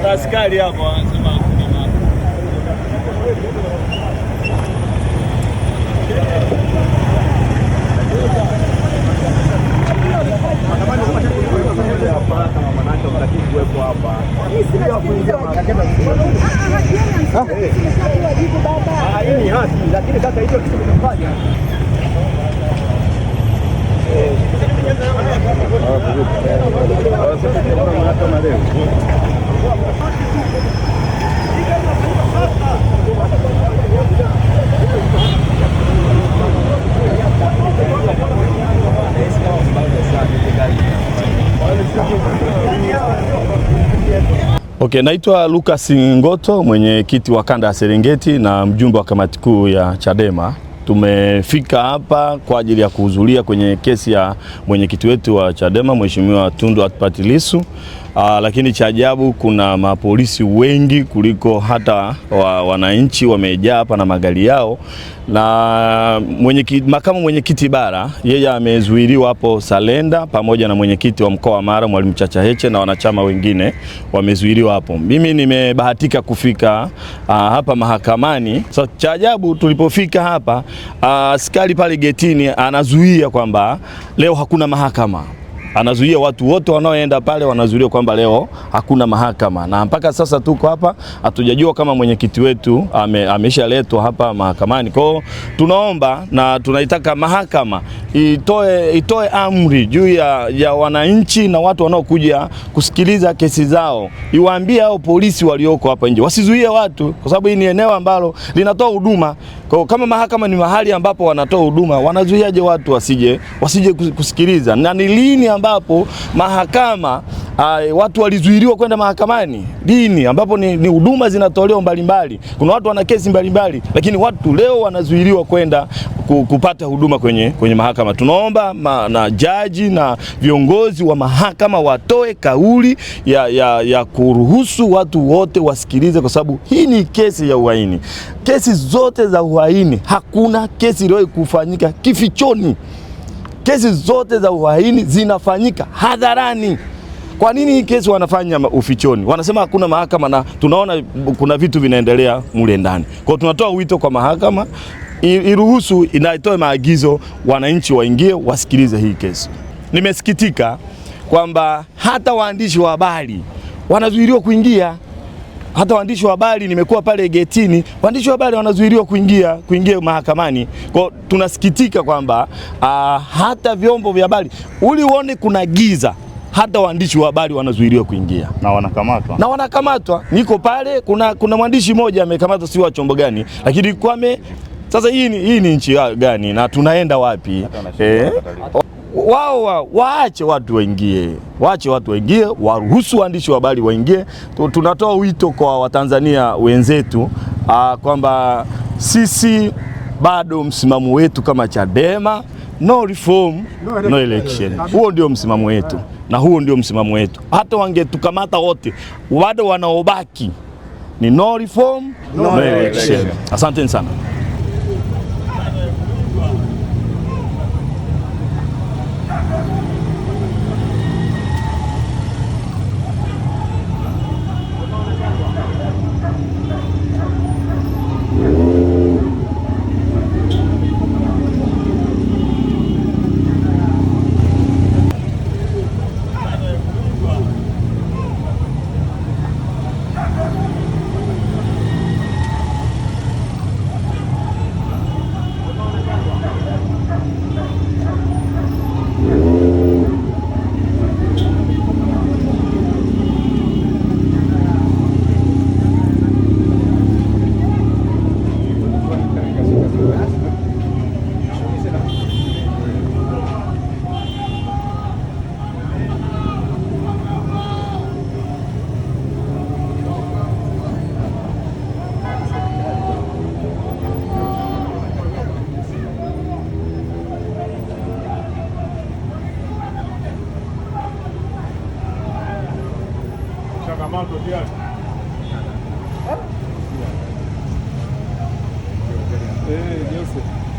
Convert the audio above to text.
Kuna askari hapo anasema Okay, naitwa Lucas Ngoto, mwenyekiti wa kanda ya Serengeti na mjumbe wa kamati kuu ya Chadema. Tumefika hapa kwa ajili ya kuhudhuria kwenye kesi ya mwenyekiti wetu wa Chadema Mheshimiwa Tundu Antipas Lissu Aa, ah, lakini cha ajabu kuna mapolisi wengi kuliko hata wa, wananchi wamejaa hapa na magari yao, na ki, makamu mwenyekiti bara yeye amezuiliwa hapo Salenda pamoja na mwenyekiti wa mkoa wa Mara Mwalimu Chacha Heche na wanachama wengine wamezuiliwa hapo. Mimi nimebahatika kufika aa, ah, hapa mahakamani. So, cha ajabu tulipofika hapa ah, askari pale getini anazuia kwamba leo hakuna mahakama anazuia watu wote wanaoenda pale, wanazuiliwa kwamba leo hakuna mahakama, na mpaka sasa tuko hapa hatujajua kama mwenyekiti wetu ameshaletwa ame hapa mahakamani. Kwao tunaomba na tunaitaka mahakama itoe, itoe amri juu ya, ya wananchi na watu wanaokuja kusikiliza kesi zao, iwaambie hao polisi walioko hapa nje wasizuie watu, kwa sababu hii ni eneo ambalo linatoa huduma. Kwa kama mahakama ni mahali ambapo wanatoa huduma, wanazuiaje watu wasije wasije kusikiliza na ni lini ambapo mahakama Uh, watu walizuiliwa kwenda mahakamani lini, ambapo ni huduma zinatolewa mbalimbali. Kuna watu wana kesi mbalimbali, lakini watu leo wanazuiliwa kwenda kupata huduma kwenye, kwenye mahakama. Tunaomba ma, na jaji na viongozi wa mahakama watoe kauli ya, ya, ya kuruhusu watu wote wasikilize, kwa sababu hii ni kesi ya uhaini. Kesi zote za uhaini, hakuna kesi iliyowahi kufanyika kifichoni kesi zote za uhaini zinafanyika hadharani. Kwa nini hii kesi wanafanya ufichoni? Wanasema hakuna mahakama, na tunaona kuna vitu vinaendelea mule ndani. Kwa tunatoa wito kwa mahakama iruhusu, inaitoa maagizo, wananchi waingie wasikilize hii kesi. Nimesikitika kwamba hata waandishi wa habari wanazuiliwa kuingia hata waandishi wa habari nimekuwa pale getini, waandishi wa habari wanazuiliwa kuingia kuingia mahakamani. Kwa tunasikitika kwamba ah, hata vyombo vya habari uli uone kuna giza, hata waandishi wa habari wanazuiliwa kuingia na wanakamatwa na wanakamatwa. Niko pale, kuna kuna mwandishi mmoja amekamatwa, si wa chombo gani, lakini kwame sasa, hii ni, hii ni nchi gani na tunaenda wapi? wao wa, waache watu waingie, waache watu waingie, waruhusu waandishi wa habari waingie. Tunatoa wito kwa Watanzania wenzetu ah, kwamba sisi bado msimamo wetu kama Chadema, no reform no election. Huo ndio msimamo wetu na huo ndio msimamo wetu. Hata wangetukamata wote, bado wanaobaki ni no reform no election. Asanteni sana. Amado, Diário. Ei, Deus.